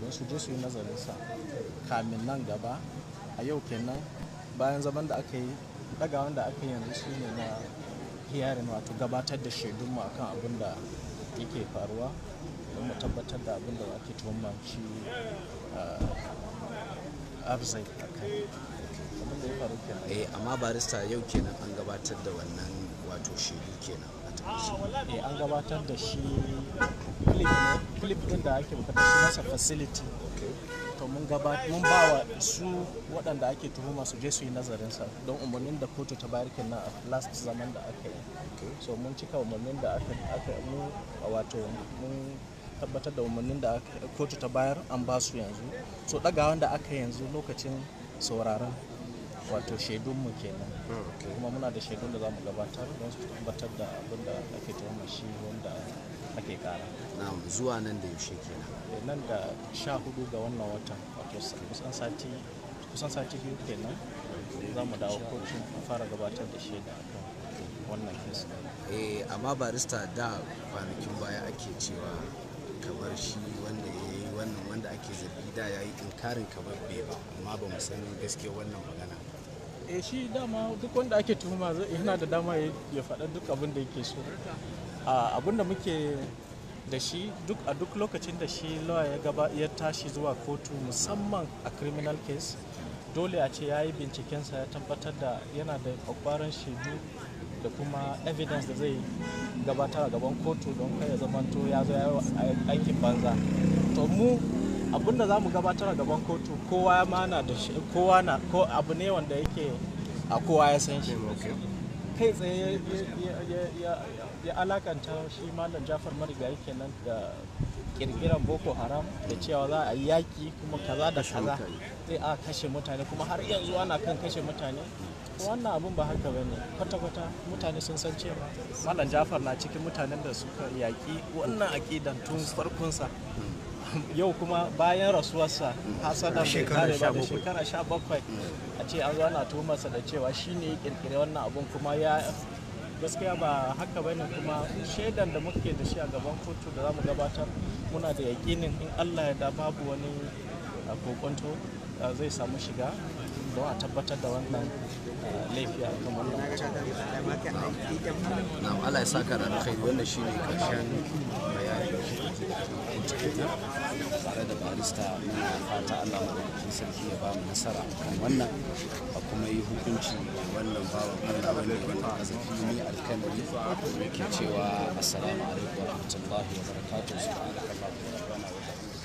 don su je su yi nazarin sa kamin nan gaba a yau kenan bayan zaman da aka yi dagawan da aka yi yanzu su ne na hiyarin wato gabatar da shaidunmu akan abin da yake faruwa don mu tabbatar da abin da ake tuhumar shi arzai ah, a kai eh amma barista yau kenan an gabatar da wannan wato shaidu kenan a eh, an gabatar da shi ne flip din da ake bukatar sunansa facility to mun gaba mun ba wa su waɗanda ake tuhuma su je su yi nazarin sa don umarnin da kotu ta bayar kenan a last zaman da aka yi so mun cika umarnin da aka mu wato mun tabbatar da umarnin da kotu ta bayar an ba su yanzu so daga da aka yanzu lokacin sauraron wato mu kenan kuma muna da shaidun da za mu gabatar don su tabbatar da abin da ake tuhuma shi wanda ake kara na'am zuwa nan da yaushe kenan eh, nan da sha hudu ga wannan watan wato kusan sati kusan sati biyu kenan za mu dawo kotun fara gabatar da shaida wannan kesu eh amma barista da kwanakin baya ake cewa kamar shi wanda ya yi wannan wanda ake zargi da ya yi inkarin kamar bai ba amma ba mu sani gaskiya wannan magana eh shi dama duk wanda ake tuhuma yana da dama ya faɗa duk abin da yake so abinda muke da shi duk a duk lokacin da shi lawyer ya tashi zuwa kotu musamman a criminal case dole a ce ya yi bincikensa ya tabbatar da yana da kwakwaran shaidu da kuma evidence da zai gabatar a gaban kotu don kai ya zamanto ya zo aikin banza to mu abinda za mu gabatar a gaban kotu kowa ma na da shi kowa na ko abu ne wanda yake a kowa ya san shi kai tsaye ya alakanta shi malam jafar marigayi kenan da kirkiran boko haram da cewa za a yi yaki kuma kaza da kaza zai a kashe mutane kuma har yanzu ana kan kashe mutane wannan abun ba haka ba ne kwata-kwata mutane sun san cewa malam jafar na cikin mutanen da suka yaki wannan akidan tun farkonsa yau kuma bayan rasuwarsa hasadan mai kare ba da shekara sha bakwai a ce an zana ana tuhumarsa da cewa shi ne ya kirkiri wannan abun kuma ya gaskiya ba haka bane kuma shaidan da muke da shi a gaban kotu da za mu gabatar muna da yakinin in Allah ya da babu wani kokonto zai samu shiga don a tabbatar da wannan laifi a kan wannan mutum. Allah ya saka da alkhairi wannan shine karshen bayani tare da barista muna fata Allah madaukakin sarki ya ba mu nasara kan wannan a kuma yi hukunci wannan bawan Allah wanda wannan azafi ne alkalari ke cewa assalamu alaikum wa rahmatullahi wa barakatuh subhanaka wa bihamdika